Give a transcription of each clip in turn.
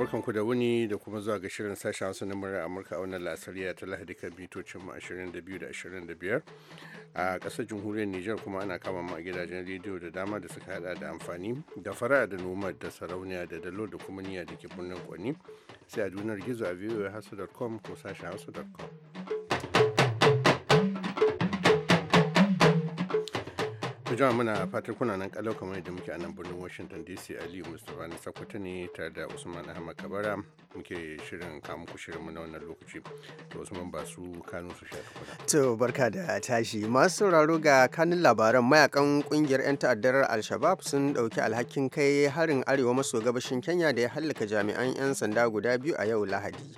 barkanku da wuni da kuma zuwa ga shirin sashen hausa na murar amurka a wannan lasariya ta lahadi kan bitocin mu 22 da 25 a kasar jamhuriyar niger kuma ana kama mu a gidajen rediyo da dama da suka hada da amfani da fara da noma da sarauniya da dalo da kuma niyya da ke birnin kwani sai a dunar gizo a voahasu.com ko sashen hausa.com jama'a muna fatar kuna nan kalau kamar yadda muke a nan birnin washington dc aliyu mustapha na sakwata ne tare da usman ahmad kabara muke shirin kamun ku shirin mu na wannan lokaci to usman ba su kanu su shafi tukuna to barka da tashi masu sauraro ga kanun labaran mayakan kungiyar yan ta'addar al-shabab sun dauki alhakin kai harin arewa maso gabashin kenya da ya hallaka jami'an yan sanda guda biyu a yau lahadi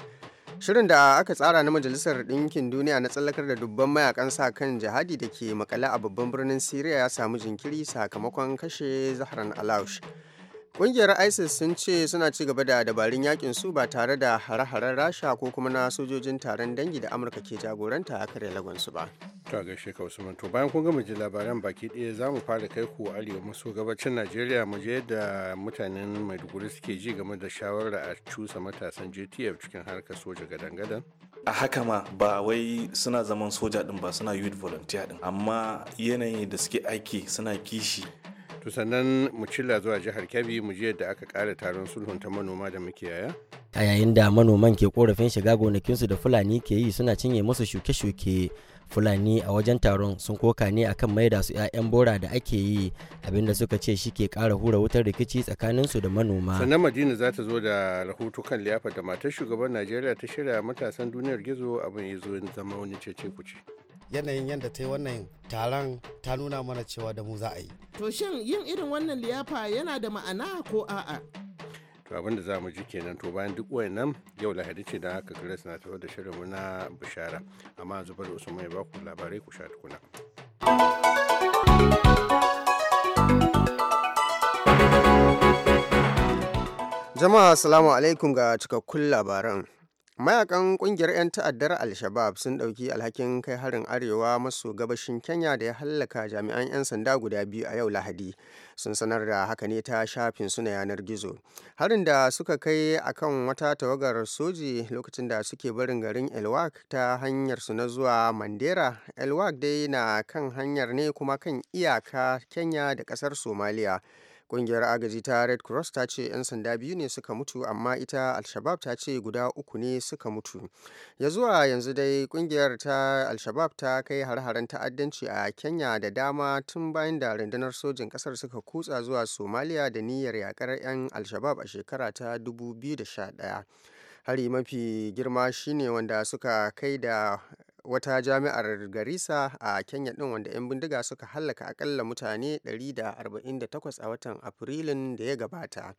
Shirin da aka tsara na Majalisar Ɗinkin Duniya na tsallakar da dubban mayakan sa kan jihadi da ke makale a babban birnin Siriya ya samu jinkiri sakamakon kashe Zahran Alaush. Ƙungiyar ISIS sun ce suna ci gaba da dabarun yakin su ba tare da hare-haren Rasha ko kuma na sojojin taron dangi da Amurka ke jagoranta a kare lagonsu ba. To gaishe ka Usman to bayan kun gama ji labaran baki ɗaya za mu fara kai ku arewa maso gabacin Najeriya mu je da mutanen Maiduguri suke ji game da shawarar a cusa matasan JTF cikin harkar soja gadan-gadan. a haka ma ba wai suna zaman soja din ba suna youth volunteer din amma yanayin da suke aiki suna kishi to sannan mu cilla zuwa jihar kebbi mu je da aka kara taron sulhun ta manoma da makiyaya a yayin da manoman ke korafin shiga gonakinsu da fulani ke yi suna cinye musu shuke-shuke fulani a wajen taron sun koka ne akan maida su 'ya'yan bora da ake yi abinda suka ce shi ke kara hura wutar rikici tsakaninsu da manoma sannan madina za ta zo da rahoto kan liyafa da matar shugaban najeriya ta shirya matasan duniyar gizo abin ya zo zama wani cece kuce yanayin yadda ta yi wannan taron ta nuna mana cewa da mu za a yi to shin yin irin wannan liyafa yana da ma'ana ko a'a to abin da za mu ji kenan to bayan duk wayannan yau lahadi ce don haka grace na tafi da shirin na bishara amma zubar usman ya ba ku labarai ku sha tukuna jama'a assalamu alaikum ga cikakkun labaran mayakan kungiyar 'yan ta'addar al-shabab sun ɗauki alhakin kai harin arewa maso gabashin kenya da ya hallaka jami'an 'yan sanda guda biyu a yau lahadi sun sanar da haka ne ta shafin suna yanar gizo harin da suka kai akan wata tawagar soji lokacin da suke barin garin elwak ta hanyar su na zuwa mandera elwak dai na kan hanyar ne kuma kan iyaka kenya da kasar Somalia. Ƙungiyar agaji ta Red Cross ta ce 'yan sanda biyu ne suka mutu amma ita alshabab shabab ta ce guda uku ne suka mutu. Ya zuwa yanzu dai ƙungiyar ta al ta kai har-haren ta'addanci a Kenya da dama tun bayan da rundunar sojin kasar suka kutsa zuwa Somalia da niyyar yakar 'yan alshabab a shekara ta 2011. hari mafi girma shine wanda suka kai da wata jami'ar garisa a Kenya din wanda 'yan bindiga suka hallaka akalla mutane 148 a watan Afrilun da ya gabata.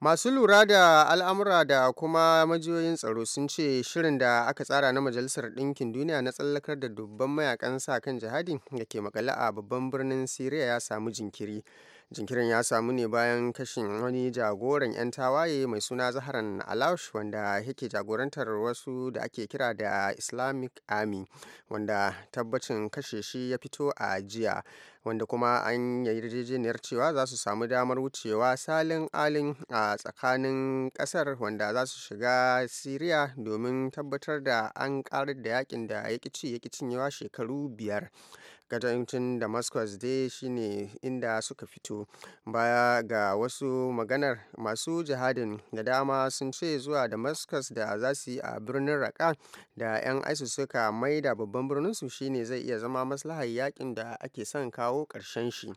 Masu lura da al'amura da kuma majiyoyin tsaro sun ce shirin da aka tsara na Majalisar Ɗinkin Duniya na tsallakar da dubban mayakan sa kan jihadi da ke makale a babban birnin Siriya ya samu jinkiri. jinkirin ya samu ne bayan kashin wani jagoran 'yan tawaye mai suna zaharan alaush wanda yake jagorantar wasu da ake kira da islamic army wanda tabbacin kashe shi ya fito a jiya wanda kuma an yi yarjejeniyar cewa za su samu damar wucewa salin alin a tsakanin kasar wanda za su shiga syria domin tabbatar da an karar da yakin da ya ci ya cinyewa shekaru biyar kudancin damascus dai shine inda suka fito baya ga wasu maganar masu jihadin da dama sun ce zuwa damascus da za su yi a birnin raka da 'yan isis suka da babban birninsu shine zai iya zama maslahar yakin da ake son kawo ƙarshen shi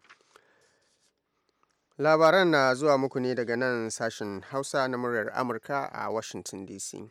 labaran na zuwa muku ne daga nan sashen hausa na muryar amurka a washington dc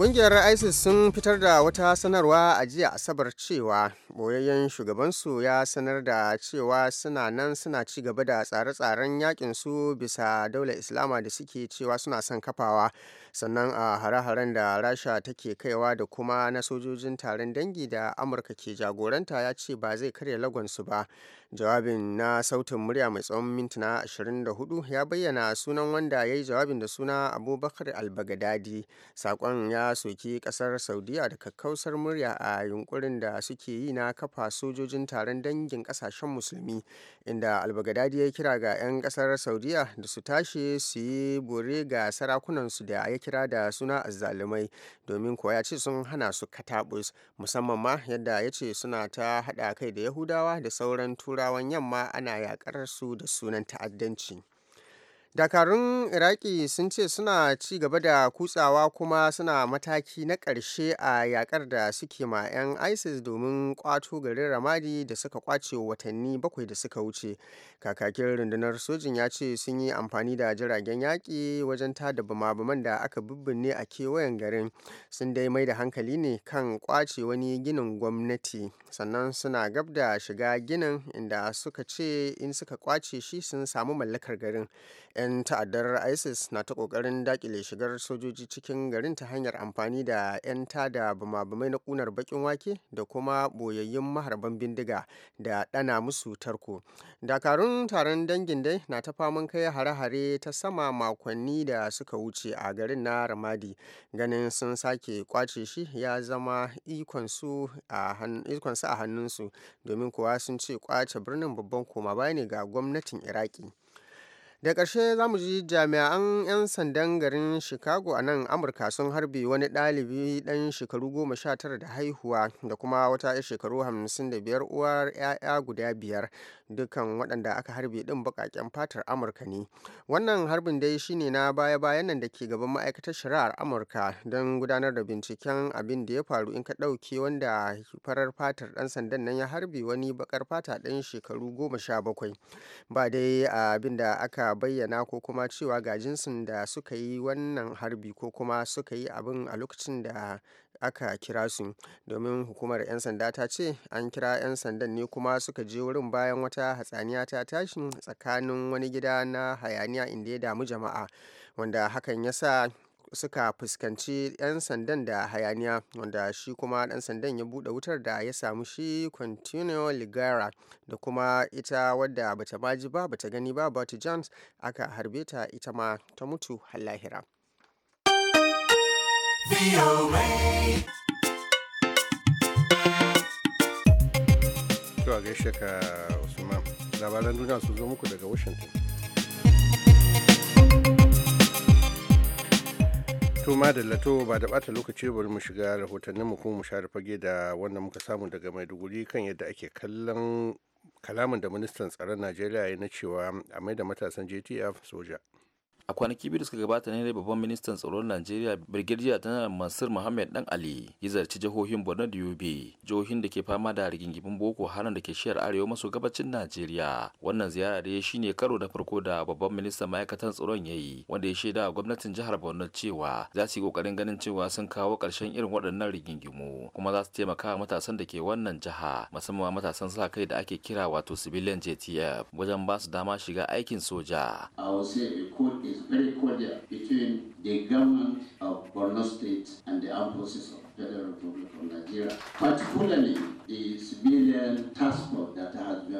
Ƙungiyar ISIS sun fitar da wata sanarwa a jiya Asabar cewa boyayyen shugabansu ya sanar da cewa suna nan suna ci gaba da tsare-tsaren yakin su bisa daular Islama da suke cewa suna son kafawa sannan a hare-haren da rasha take kaiwa da kuma na sojojin taron dangi da amurka ke jagoranta ya ce ba zai karya lagonsu ba jawabin na sautin murya mai tsawon mintuna 24 ya bayyana sunan wanda ya yi jawabin da suna abubakar albagadadi sakon ya soki kasar saudiya da kakkausar murya a yunkurin da suke yi na kafa sojojin taron dangin kasashen musulmi inda albagadadi ya kira ga 'yan kasar saudiya da su tashi su yi bore ga sarakunansu da ya kira da suna azzalumai domin kuwa ya ce sun hana su katabus musamman ma yadda ya ce suna ta haɗa kai da yahudawa da sauran turawan yamma ana yakar su da sunan ta'addanci dakarun iraki sun ce suna ci gaba da kutsawa kuma suna mataki na ƙarshe a yakar da suke ma 'yan isis domin kwato garin ramadi da suka kwace watanni bakwai da suka wuce kakakin rundunar sojin ya ce sun yi amfani da jiragen yaƙi wajen tada bama-baman da aka bibbinne a kewayen garin sun dai mai da hankali ne kan kwace wani ginin gwamnati sannan suna gab da shiga ginin inda suka ce in suka kwace shi sun samu mallakar garin 'yan ta'addar isis na ta kokarin dakile shigar sojoji cikin garin ta hanyar amfani da 'yan tada bama-bamai na kunar bakin wake da kuma boyayyun maharban bindiga da ɗana musu tarko dakarun taron dangin dai na ta faman kai hare-hare ta sama makonni da suka wuce a garin na ramadi ganin sun sake kwace shi ya zama ikonsu a hannunsu domin kuwa sun ce kwace birnin babban koma baya ne ga gwamnatin iraki da ƙarshe za mu ji jami'an 'yan sandan garin chicago a nan amurka sun harbe wani ɗalibi ɗan shekaru goma sha tara da haihuwa da kuma wata 'yar shekaru hamsin uwar 'ya'ya guda biyar dukkan waɗanda aka harbe ɗin baƙaƙen fatar amurka ne wannan harbin dai shine na baya-bayan nan da ke gaban ma'aikatar shari'ar amurka don gudanar da binciken abin da ya faru in ka ɗauke wanda farar fatar ɗan sandan nan ya harbe wani baƙar fata ɗan shekaru goma sha bakwai ba dai abin da aka bayyana ko kuma cewa ga jinsin da suka yi wannan harbi ko kuma suka yi abin a lokacin da aka kira su domin hukumar 'yan sanda ta ce an kira 'yan sandan ne kuma suka je wurin bayan wata hatsaniya ta tashi tsakanin wani gida na hayaniya inda ya damu jama'a wanda hakan ya sa suka fuskanci 'yan sandan da hayaniya wanda shi kuma dan sandan ya bude wutar da ya samu shi continuo ligara da kuma ita wadda bata maji ba bata gani ba bata jones aka harbe ta ita ma ta mutu har lahira. to a gaishe ka Usman, labaran duniya su zo muku daga Washington. to lato ba da bata lokaci bari mu shiga rahotannin mu kuma mu share fage da wanda muka samu daga maiduguri kan yadda ake kallon kalamin da ministan tsaron najeriya ya na cewa a mai da matasan jtf soja a kwanaki biyu da suka gabata ne babban ministan tsaron najeriya ta janar mansur muhammad dan ali ya zarci jihohin borno da yobe jihohin da ke fama da rigingimin boko haram da ke shiyar arewa maso gabacin najeriya wannan ziyara da ya shine karo na farko da babban ministan ma'aikatan tsaron ya yi wanda ya shaida a gwamnatin jihar borno cewa za su yi kokarin ganin cewa sun kawo ƙarshen irin waɗannan rigingimu kuma za su taimaka wa matasan da ke wannan jiha musamman matasan sa kai da ake kira wato civilian jtf wajen ba su dama shiga aikin soja. very cordial between the government of Borno State and the armed forces of Federal Republic of Nigeria, particularly the civilian task force that has been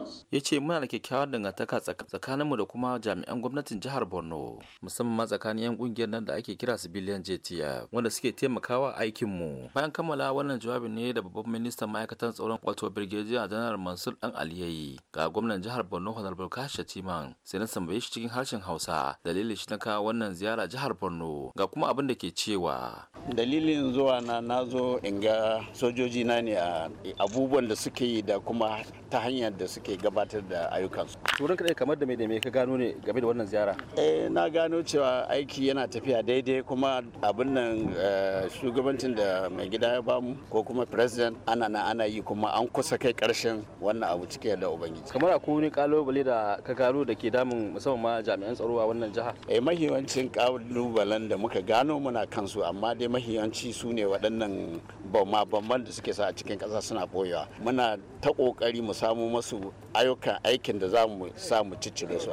us. Ya ce muna da kyakkyawar dangantaka tsakaninmu da kuma jami'an gwamnatin jihar Borno, musamman ma tsakanin 'yan kungiyar nan da ake kira civilian JTF, wanda suke taimakawa aikinmu. Bayan kammala wannan jawabin ne da babban ministan ma'aikatan tsaron wato Brigadier Janar Mansur Dan Aliyayi ga gwamnan jihar Borno Honorable Kashi Timan, sai na tambaye shi cikin harshen Hausa dalilin shi na kawo wannan ziyara jihar Borno ga kuma abin da ke cewa. Dalilin zuwa yawa na na zo in ga sojoji na ne a abubuwan da suka yi da kuma ta hanyar da suke gabatar da ayyukansu. Turin kaɗai kamar da mai da me ka gano ne game da wannan ziyara? Eh, na gano cewa aiki yana tafiya daidai kuma abin nan eh, shugabancin da mai gida ya bamu ko kuma president ana na ana yi kuma an kusa kai karshen wannan abu cike da ubangiji. Kamar a kuni kalubale da ka gano da ke damun musamman ma jami'an tsaro a wannan jiha? Eh mahiyancin kalubalen da muka gano muna kansu amma dai mahiyanci su ne waɗannan bamman da suke sa a cikin ƙasa suna boyewa muna ta ƙoƙari mu samu masu ayyukan aikin da za mu sa mu ciccire su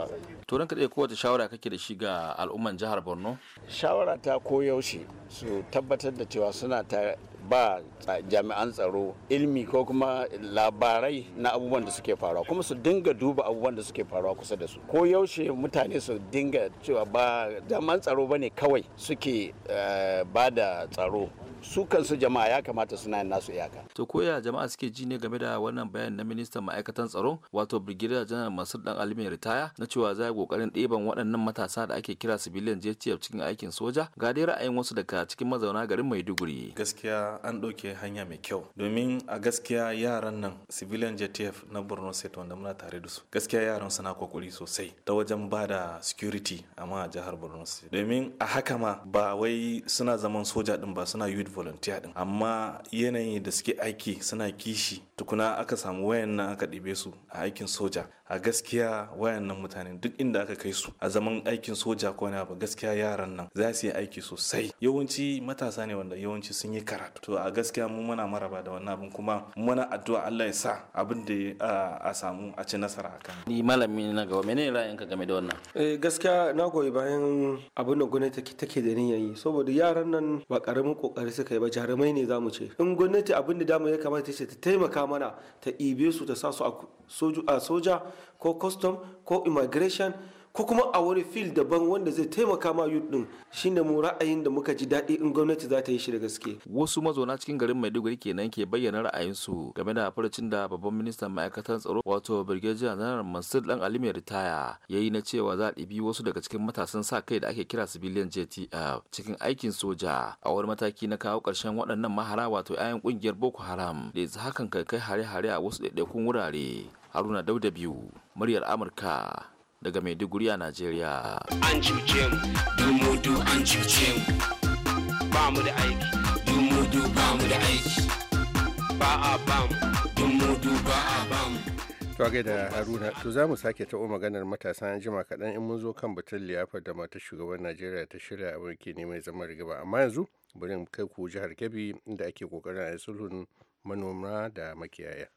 turan kaɗai kowace shawara kake da shi ga al'umman jihar borno shawara ta koyaushe su tabbatar da cewa suna ta ba jami'an tsaro ilmi ko kuma labarai na abubuwan da suke faruwa kuma su dinga duba abubuwan da suke faruwa kusa da su ko yaushe mutane su dinga cewa ba jami'an tsaro bane kawai suke eh, ba da tsaro su kansu jama'a ya kamata suna yin nasu iyaka. To koya jama'a suke ji ne game da wannan bayan na ministan ma'aikatan tsaro wato Brigadier General Masud Dan Alimin ritaya na cewa za a kokarin ɗeban waɗannan matasa da ake kira civilian JTF cikin aikin soja ga dai ra'ayin wasu daga cikin mazauna garin Maiduguri. Gaskiya an ɗauke hanya mai kyau domin a gaskiya yaran nan civilian JTF na Borno State wanda muna tare da su gaskiya yaran suna kokari sosai ta wajen ba da security amma a jihar Borno State domin a haka ma ba wai suna zaman soja din ba suna youth volunteer din amma yanayin da suke aiki suna kishi tukuna aka samu wayan nan aka ɗibe su a aikin soja a gaskiya wayan nan mutane duk inda aka kai su a zaman aikin soja ko na ba gaskiya yaran nan za su yi aiki sosai yawanci matasa ne wanda yawanci sun yi karatu to a gaskiya mu muna maraba da wannan abin kuma muna addu'a Allah ya sa abin da a samu a ci nasara akan ni malami na gaba menene ka game da wannan eh gaskiya na goyi bayan abin da gwamnati take da niyyar yi saboda yaran nan ba karamin kokari suka yi ba jarumai ne za mu ce in gwamnati abin da damu ya kamata ce ta taimaka mana ta ibe su ta sa su a soja ko custom ko immigration ko kuma a wani fil daban wanda zai taimaka ma yut din shine mu ra'ayin da muka ji daɗi in gwamnati za ta yi shi da gaske wasu mazauna cikin garin Maiduguri kenan ke bayyana ra'ayinsu game da farcin da babban ministan ma'aikatan tsaro wato birgeji janar Mansur Dan alimi mai ritaya yayi na cewa za a ɗibi wasu daga cikin matasan sa kai da ake kira civilian JTF cikin aikin soja a wani mataki na kawo ƙarshen waɗannan mahara wato 'ya'yan ƙungiyar Boko Haram da yanzu hakan kai kai hare-hare a wasu ɗaiɗaikun wurare. Haruna Dauda biyu, muryar Amurka daga Maiduguri a Najeriya. An cuce mu, du an cuce mu, ba mu da aiki, du ba mu da aiki, ba a ba mu, du ba a ba mu. gai da Haruna, to za mu sake ta'o maganar matasan an jima kaɗan in mun zo kan batun liyafar da mata shugaban Najeriya ta shirya a mulki ne mai zama rigaba. Amma yanzu bari kai ku jihar Kebbi inda ake kokarin a yi sulhun manoma da makiyaya.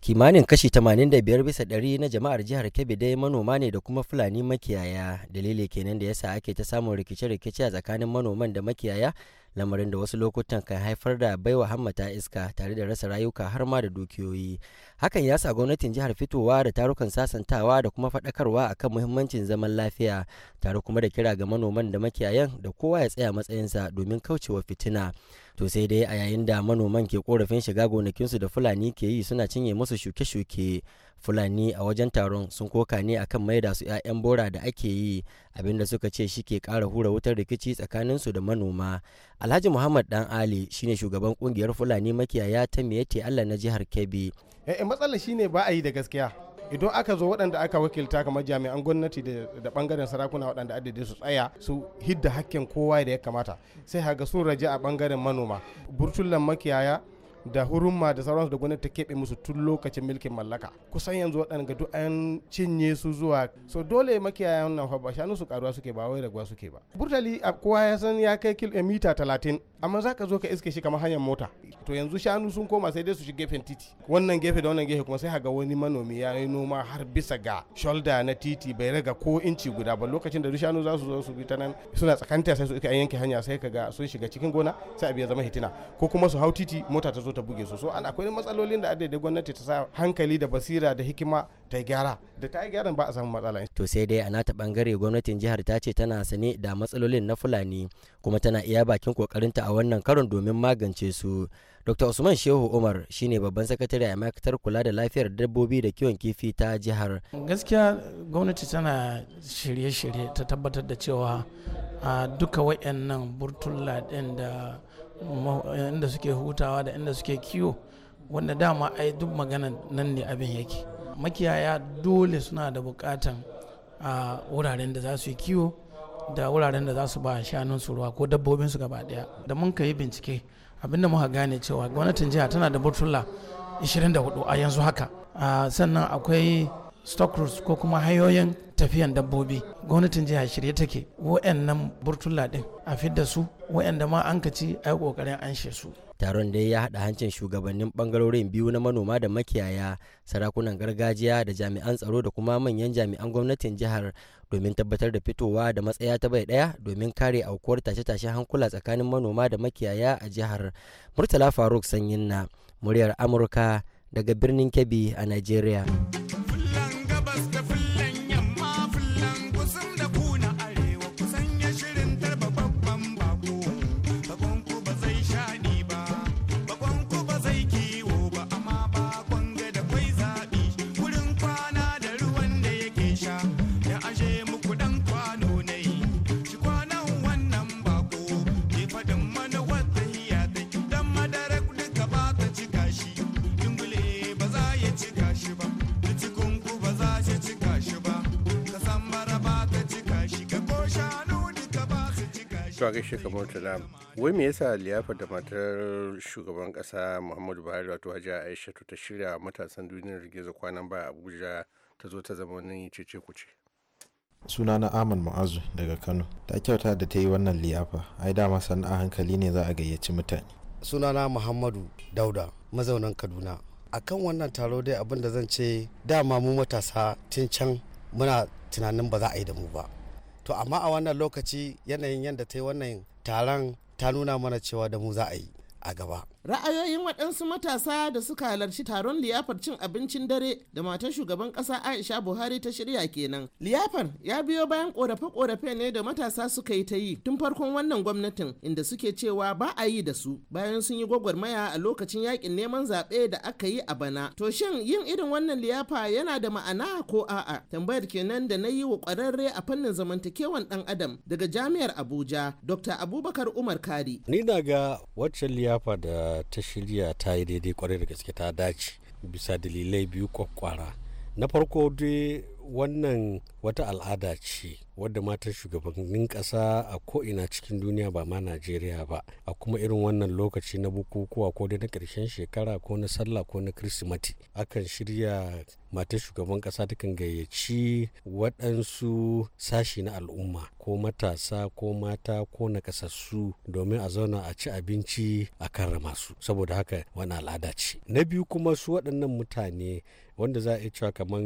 kimanin kashi 85 bisa ɗari na jama'ar jihar kebbi dai manoma ne da kuma fulani makiyaya dalili kenan da yasa ake ta samun rikice-rikice a tsakanin manoman da makiyaya lamarin da wasu lokutan kan haifar da baiwa hammata iska tare da rasa rayuka har ma da dukiyoyi hakan ya sa gwamnatin jihar fitowa da tarukan sasantawa da kuma faɗakarwa akan muhimmancin zaman lafiya tare kuma da kira ga manoman da makiyayan da kowa ya tsaya matsayinsa domin kaucewa fitina to sai dai a yayin da manoman ke korafin shiga gonakinsu da fulani ke yi suna cinye musu shuke-shuke fulani a wajen taron sun koka ne akan maida su 'ya'yan bora da ake yi abinda suka ce shi ke kara hura wutar rikici tsakanin su da manoma alhaji muhammad dan ali shine shugaban kungiyar fulani makiyaya ta miyete allah na jihar kebbi eh, eh matsalar shine ba a yi da gaskiya idan aka zo waɗanda aka wakilta kamar jami'an gwamnati da bangaren sarakuna waɗanda adadi su tsaya su hidda hakkin kowa da ya kamata sai haga sun raje a bangaren manoma burtullan makiyaya da hurumma da sauransu da gwamnati ta keɓe musu tun lokacin mulkin mallaka kusan yanzu waɗanda duk an cinye su zuwa so dole makiyaya nan ba shanu su karuwa suke ba wai raguwa suke ba burtali a kowa ya san ya kai kilomita eh, talatin amma za ka zo ka iske shi kamar hanyar mota to yanzu shanu sun koma sai dai su shi gefen titi wannan gefe da wannan gefe kuma sai haga wani manomi ya yi noma har bisa ga shoulder na titi bai raga ko inci guda ba lokacin da duk shanu za su zo su bi ta nan suna tsakanta sai su yanke hanya sai ga sun shiga cikin gona sai abu ya zama hitina ko kuma su hau titi mota ta zo ta buge su so an akwai matsalolin da adadin gwamnati ta sa hankali da basira da hikima ta gyara da ta gyara ba a samu matsala to sai dai a nata bangare gwamnatin jihar ta ce tana sane da matsalolin na fulani kuma tana iya bakin kokarinta a wannan karon domin magance su dr usman shehu umar shine babban sakatare a ma'aikatar kula da lafiyar dabbobi da kiwon kifi ta jihar gaskiya gwamnati tana shirye-shirye ta tabbatar da cewa a duka wayannan burtulla din da inda suke hutawa da inda suke kiwo wanda dama ai duk magana nan ne abin yake makiyaya dole suna da bukatan a wuraren da za su yi kiwo da wuraren da za su ba shanun su ruwa ko dabbobin su gaba daya da mun ka yi bincike abinda muka gane cewa gwamnatin jiha tana da burtula 24 a yanzu haka sannan akwai stock routes ko kuma hanyoyin tafiyan dabbobi gwamnatin jihar shirye take wa'annan burtula din a fidda su wa'anda ma an kaci a yi kokarin an su taron dai ya haɗa hancin shugabannin bangarorin biyu na manoma da makiyaya sarakunan gargajiya da jami'an tsaro da kuma manyan jami'an gwamnatin jihar domin tabbatar da fitowa da matsaya ta bai ɗaya domin kare aukuwar tashe-tashen hankula tsakanin manoma da makiyaya a jihar murtala faruk sanyin na muryar amurka daga birnin kebbi a nigeria. a gaishe kamar tana wai me yasa liyafar da matar shugaban kasa muhammadu buhari wato hajiya aisha ta shirya matasan duniyar gizo kwanan baya abuja ta zo ta zama wani cece kuce na aman mu'azu daga kano ta kyauta da ta yi wannan liyafa ai dama sana'a hankali ne za a gayyaci mutane sunana muhammadu dauda mazaunan kaduna akan wannan taro dai abin da zan ce dama mu matasa tun can muna tunanin ba za a yi da mu ba to amma a wannan lokaci yanayin yadda ta yi wannan taron ta nuna mana cewa da mu za a yi a gaba ra'ayoyin waɗansu matasa da suka halarci taron liyafar cin abincin dare da matan shugaban ƙasa aisha buhari ta shirya kenan liyafar ya biyo bayan ƙorafe-ƙorafe ne da matasa suka yi ta yi tun farkon wannan gwamnatin inda suke cewa ba a yi da su bayan sun yi gwagwarmaya a lokacin yakin neman zaɓe da aka yi a bana to shin yin irin wannan liyafa yana da ma'ana ko a'a tambayar kenan da na yi wa ƙwararre a fannin zamantakewan ɗan adam daga jami'ar abuja dr abubakar umar kari ni daga wacce liyafa da ta shirya ta yi daidai kwarai da gaske ta dace bisa dalilai biyu kwakwara na farko dai wannan wata al'ada ce wadda matan shugabannin ƙasa a ko'ina cikin duniya ba ma najeriya ba a kuma irin wannan lokaci na bukukuwa ko dai na ƙarshen shekara ko na sallah ko na kirsimati akan shirya matan shugaban ta kan gayyaci waɗansu sashi na al'umma ko matasa ko mata ko nakasassu domin a zauna a ci abinci a karrama su saboda haka wani al'ada ce na biyu kuma su waɗannan mutane wanda za a iya cewa kamar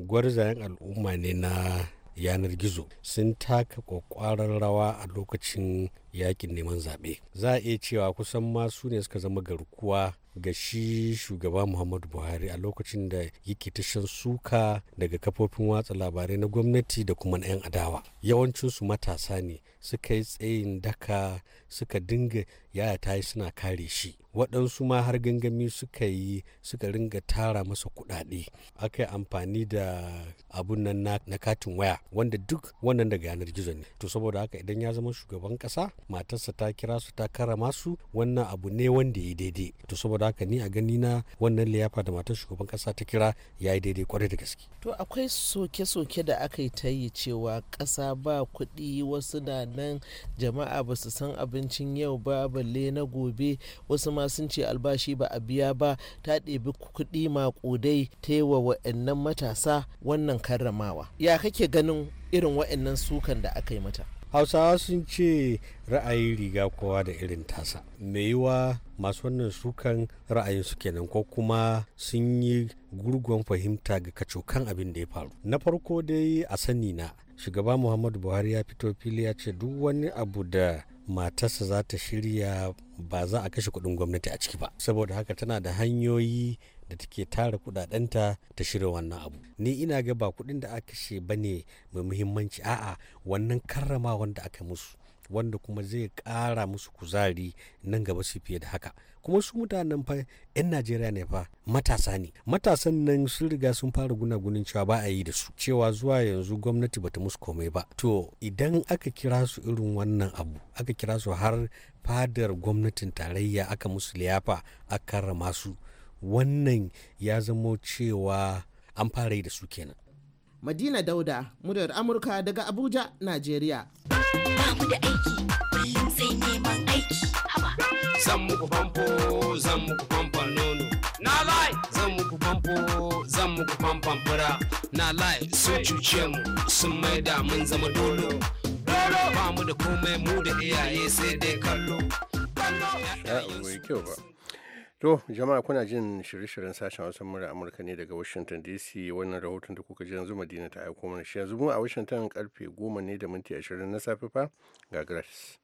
gwarzayen wakilan al'umma ne na yanar gizo sun taka kwakwaran rawa a lokacin yakin neman zaɓe za a iya cewa kusan masu ne suka zama garkuwa ga shi shugaba muhammadu buhari a lokacin da yake tashan suka daga kafofin watsa labarai na gwamnati da kuma na 'yan adawa yawancinsu matasa ne suka yi tsayin daka suka dinga yaya ta yi suna kare shi waɗansu ma har gangami suka yi suka ringa tara masa kuɗaɗe aka yi amfani da abun nan na katin waya wanda duk wannan daga yanar gizo ne to saboda haka idan ya zama shugaban kasa matarsa ta kira su ta karama su wannan abu ne wanda ya daidai to saboda haka ni a gani na wannan liyafa da matar shugaban ƙasa ta kira ya yi daidai kwarai da gaske to akwai soke-soke da aka yi ta yi cewa ƙasa ba kuɗi wasu na nan jama'a ba su san abu abincin yau ba balle na gobe wasu ma sun ce albashi ba a biya ba ta ɗebi kuɗi maƙudai ta yi wa wa'annan matasa wannan karramawa ya kake ganin irin wa'annan sukan da aka yi mata hausawa sun ce ra'ayin riga kowa da irin tasa mai yiwa masu wannan sukan ra'ayin su kenan ko kuma sun yi gurguwan fahimta ga kan abin da ya faru na farko dai a sani na shugaba muhammadu buhari ya fito fili ya ce duk wani abu da matarsa za ta shirya ba za a kashe kuɗin gwamnati a ciki ba saboda haka tana da hanyoyi da take tara kudadenta ta shirya wannan abu ni ina ga ba kuɗin da aka kashe ba ne mai muhimmanci a'a wannan karrama wanda aka musu wanda kuma zai kara musu kuzari nan gaba su fiye da haka kuma su mutanen fa 'yan najeriya ne fa matasa ne matasan nan sun riga sun fara gunagunin cewa ba a yi da su cewa zuwa yanzu gwamnati bata musu komai ba to idan aka kira su irin wannan abu aka kira su har fadar gwamnatin tarayya aka musu liyafa a karrama su wannan ya zamo cewa an fara yi da su kenan madina dauda muryar amurka daga abuja najeriya ba mu da aiki sai neman aiki haba zan muku famfo zan muku famfon nono na lai zan muku famfo zan muku famfon fura na lai sun cuce mu sun maida mun zama dolo dolo ba mu da komai mu da iyaye sai dai kallo ba kyau To jama'a kuna jin shirye-shiryen sashen Hausa mura Amurka ne daga Washington DC wannan rahoton da kuka ji yanzu Madina ta aiko mana shi yanzu mu a Washington karfe 10 ne da minti 20 na safe fa ga Grace.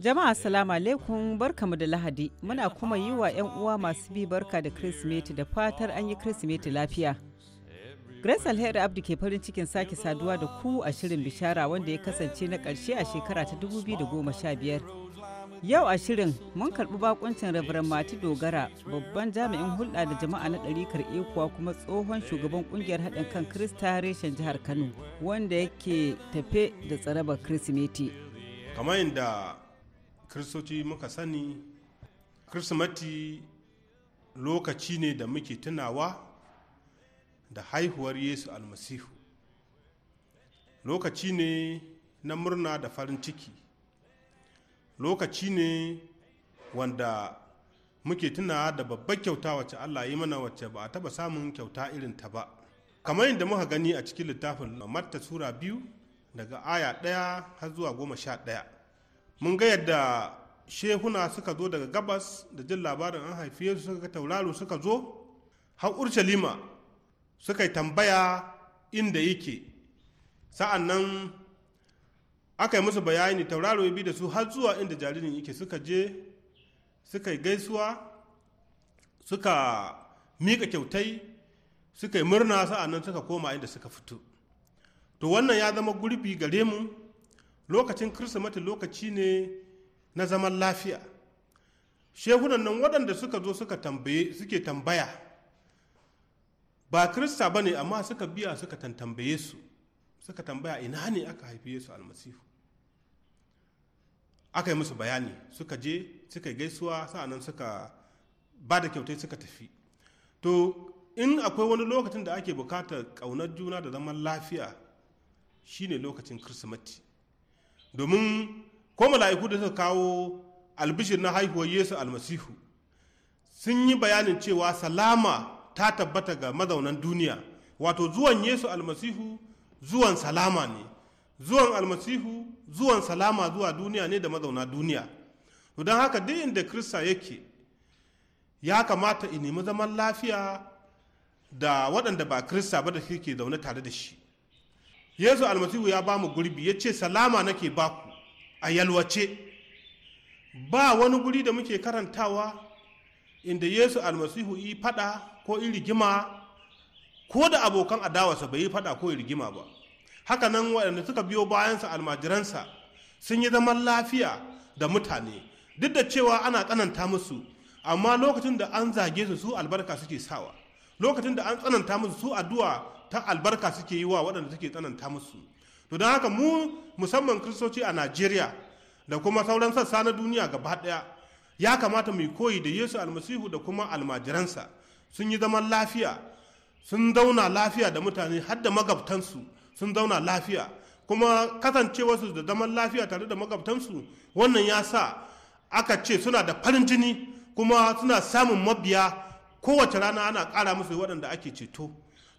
Jama'a salamu alaikum barkamu da Lahadi muna kuma yi wa 'yan uwa masu bi barka da Kirsimeti da fatar an yi Kirsimeti lafiya. Grace Alheri abdu ke farin cikin sake saduwa da ku a shirin bishara wanda ya kasance na ƙarshe a shekara ta 2015. Yau a shirin mun karɓi bakuncin Rabaran Mati Dogara babban jami'in hulɗa da jama'a na ɗarikar ekuwa kuma tsohon shugaban ƙungiyar haɗin kan Krista reshen jihar Kano wanda yake tafe da tsarabar Kirsimeti. Kamar yadda kiristoci muka sani kirsimati lokaci ne da muke tunawa da haihuwar yesu almasihu lokaci ne na murna da farin ciki lokaci ne wanda muke tuna da babbar kyauta wacce allah yi mana wacce ba a taba samun kyauta irin ta ba kamar yadda muka gani a cikin littafin matta sura biyu daga aya ɗaya har zuwa goma sha ɗaya mun ga yadda shehuna suka zo daga gabas da jin labarin an haife su suka tauraro suka zo har urshalima suka yi tambaya inda yake sa'an nan aka yi musu bayani tauraro ya bi da su har zuwa inda jaririn yake suka je suka yi gaisuwa suka miƙa kyautai suka yi murna sa'an nan suka koma inda suka fito to wannan ya zama gurbi gare mu lokacin kirsimati lokaci ne na zaman lafiya shehunan nan waɗanda suka zo suka tambaye suke tambaya ba kirista ba ne amma suka biya suka tantambaye su suka tambaya ina ne aka haifi yesu almasihu aka yi musu bayani suka je suka gaisuwa nan suka ba da kyautai suka tafi to in akwai wani lokacin da ake bukatar ƙaunar juna da zaman lafiya shine lokacin kirsimati domin ko mala'iku da suka kawo albishir na haihuwar yesu almasihu sun yi bayanin cewa salama ta tabbata ga mazaunan duniya wato zuwan yesu almasihu zuwan salama ne zuwan almasihu zuwan salama zuwa duniya ne da mazauna duniya to don haka duk inda krista yake ya kamata in nemi zaman lafiya da waɗanda ba krista ba da ke zaune tare da shi yesu almasihu ya ba mu gurbi ya ce salama nake ku a yalwace ba wani guri da muke karantawa inda yesu almasihu yi fada ko yi rigima ko da abokan adawarsa bai yi fada ko yi rigima ba haka nan waɗanda suka biyo bayansa almajiransa sun yi zaman lafiya da mutane duk da cewa ana tsananta musu amma lokacin da an zage su su albarka suke sawa lokacin da an tsananta musu su addu'a ta albarka suke yi wa waɗanda suke tsananta musu to don haka mu musamman kristoci a najeriya da kuma sauran sassa na duniya gaba ɗaya ya kamata mu koyi da yesu almasihu da kuma almajiransa sun yi zaman lafiya sun zauna lafiya da mutane har da magabtansu sun zauna lafiya kuma kasancewarsu da zaman lafiya tare da magabtansu wannan ya sa aka ce suna da farin jini kuma suna samun mabiya kowace rana ana kara musu waɗanda ake ceto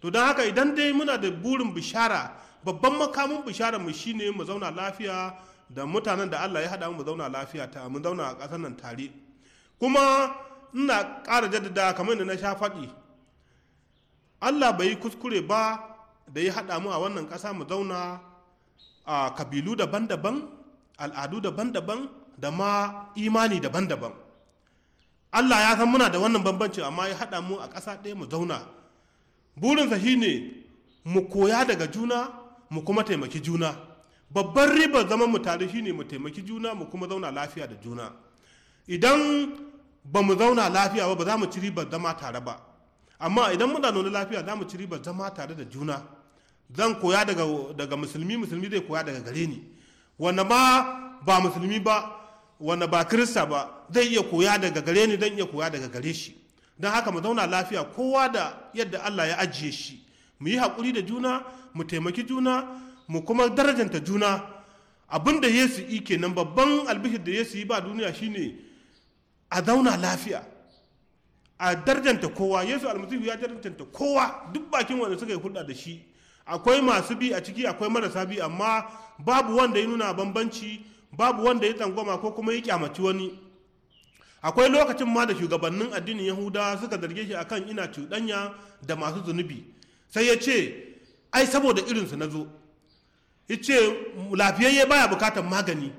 to don haka idan dai muna da burin bishara babban makamin bishara mu shine mu zauna lafiya da mutanen da Allah ya haɗa mu zauna lafiya ta mu zauna a ƙasar nan tare kuma ina ƙara jaddada kamar da na sha faɗi Allah bai yi kuskure ba da ya haɗa mu a wannan ƙasa mu zauna a kabilu daban-daban al'adu daban-daban da ma imani daban-daban Allah ya san muna da wannan bambanci amma ya haɗa mu a ƙasa ɗaya mu zauna burinsa shine mu koya daga juna mu kuma taimaki juna babban ribar zaman mu tare ne mu taimaki juna mu kuma zauna lafiya da juna idan ba mu zauna lafiya ba ba za mu ci ribar zama tare ba amma idan muna nuna lafiya za mu ci ribar zama tare da juna zan koya daga, daga musulmi musulmi zai koya daga gare ni wanda ba ba musulmi ba wanda ba kirista ba zai iya koya daga gare ni zan iya koya daga gare shi don haka mu zauna lafiya kowa da yadda Allah ya ajiye shi mu yi haƙuri da juna mu taimaki juna mu kuma darajanta juna abin da yesu yi kenan babban albishir da yesu yi ba duniya shine a zauna lafiya a darjanta kowa yesu almasihu ya darjanta kowa duk bakin wanda suka yi hulɗa da shi akwai masu bi a ciki akwai marasa bi amma babu wanda ya nuna bambanci babu wanda ya tsangwama ko kuma ya kyamaci wani akwai lokacin ma da shugabannin addinin yahudawa suka zarge shi akan ina cuɗanya da masu zunubi sai ya ce ai saboda irinsu na zo ya ce lafiyayye baya bukatar magani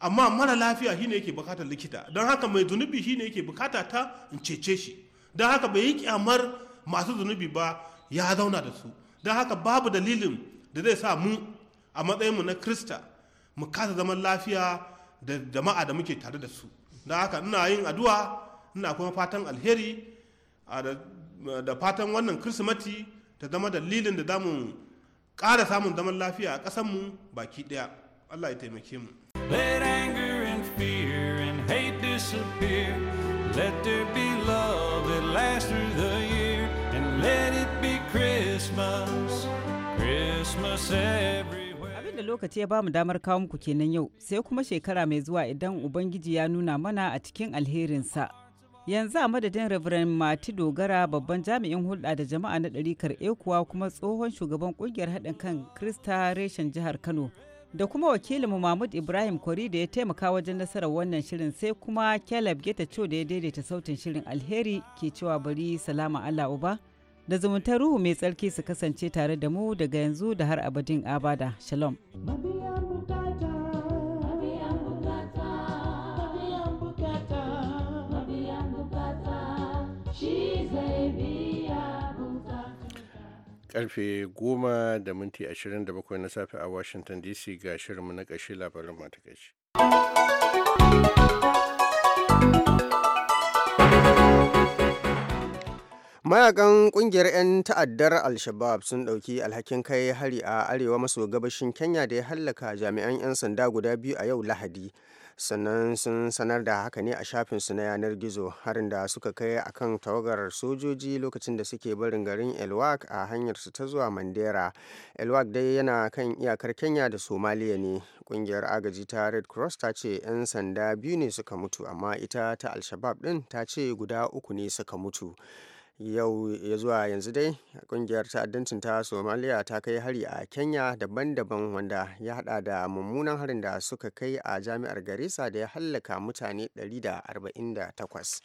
amma mara lafiya shine yake bukatar likita don haka mai zunubi shine yake bukata ta in cece shi don haka bai yi kyamar masu zunubi ba ya zauna da su don haka babu dalilin da zai sa mu a matsayinmu na krista mu kasa zaman lafiya da jama'a da muke tare da su da haka ina yin addu'a ina kuma fatan alheri da fatan wannan kirsimati ta zama dalilin da zamu ƙara samun zaman lafiya a ƙasanmu baki ɗaya allah ya taimake mu Let there be love that lasts through the year. And let it be Christmas, Christmas every da lokaci ya bamu damar kawo muku kenan yau sai kuma shekara mai zuwa idan ubangiji ya nuna mana a cikin alherinsa yanzu a madadin reverend mati dogara babban jami'in hulɗa da jama'a na ɗarikar ekuwa kuma tsohon shugaban ƙungiyar haɗin kan krista reshen jihar kano da kuma wakilinmu mahmud ibrahim kwari da ya taimaka wajen nasarar wannan shirin sai kuma caleb geta cho da ya daidaita sautin shirin alheri ke cewa bari salama allah uba da zumuntar ruhu mai tsarki su kasance tare da mu daga yanzu da har abadin abada shalom karfe goma da minti 27 na safe a washington dc ga shirinmu na ƙashe labarin matakaci. mayakan kungiyar 'yan ta'addar al-shabab sun ɗauki alhakin kai hari a arewa maso gabashin kenya da ya hallaka jami'an 'yan sanda guda biyu a yau lahadi sannan sun sanar da haka ne a shafin su na yanar gizo harin da suka kai akan tawagar sojoji lokacin da suke barin garin elwak a hanyarsu ta zuwa mandera elwak dai yana kan iyakar kenya da somaliya ne kungiyar agaji ta red cross ta ce 'yan sanda biyu ne suka mutu amma ita ta al-shabab din ta ce guda uku ne suka mutu yau ya zuwa yanzu dai kungiyar ta'addancin ta somaliya ta kai hari a kenya daban-daban wanda ya hada da mummunan harin da suka kai a jami'ar garissa da ya hallaka mutane 148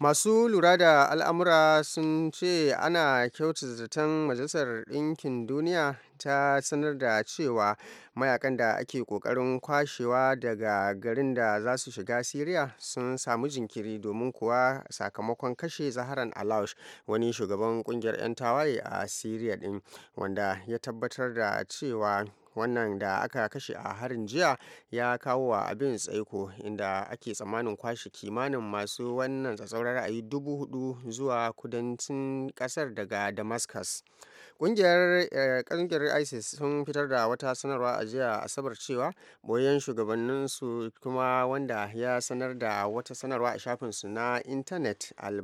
masu lura da al'amura sun ce ana kyautata zaton majalisar ɗinkin duniya ta sanar da cewa mayakan da ake kokarin kwashewa daga garin da za su shiga syria sun samu jinkiri domin kuwa sakamakon kashe zaharan alaush wani shugaban kungiyar 'yan tawaye a syria din wanda ya tabbatar da cewa wannan da aka kashe a harin jiya ya kawo wa abin tsaiko inda ake tsammanin kwashe kimanin masu wannan tsatsaurar ra'ayi dubu hudu zuwa kudancin kasar daga damascus Eh, ƙungiyar ISIS sun fitar da wata sanarwa a jiya Asabar cewa shugabannin su kuma wanda ya sanar da wata sanarwa a shafin su na intanet al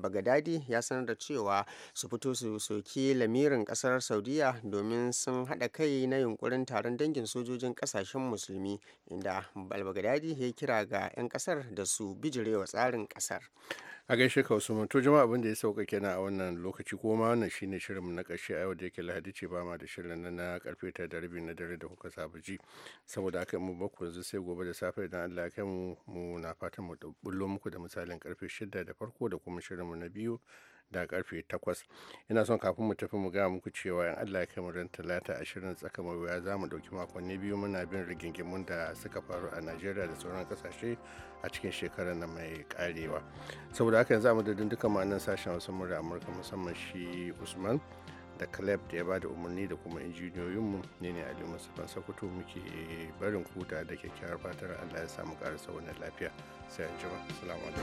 ya sanar da cewa su fito su soki lamirin kasar Saudiya domin sun haɗa kai na yunkurin taron dangin sojojin ƙasashen musulmi inda al-Baghdadi ya kira ga 'yan kasar da su bijirewa tsarin kasar. a gaishe ka wasu to jama'a abin da ya sauka na a wannan lokaci ko ma wannan shine shirin na ƙarshe a yau da yake lahadi ce ba ma da shirin na na karfe ta da rabi na dare da kuka saba ji saboda haka mu bakwai yanzu sai gobe da safe idan Allah ya kai mu mu na fatan mu bullo muku da misalin karfe shida da farko da kuma shirin mu na biyu da karfe 8 ina son kafin mu tafi mu ga muku cewa in Allah ya kai mu ran talata 20 tsaka wuya za mu dauki makonni biyu muna bin rigingimun da suka faru a Najeriya da sauran kasashe a cikin shekarar nan mai karewa saboda haka yanzu mu da dukkan ma'anan sashen wasu murar Amurka musamman shi Usman da Caleb da ya bada umarni da kuma injiniyoyinmu ne ne Ali Mustapha Sokoto muke barin kuta da kyakkyawar fatar Allah ya samu karasa wannan lafiya sai an jima. Assalamu alaikum.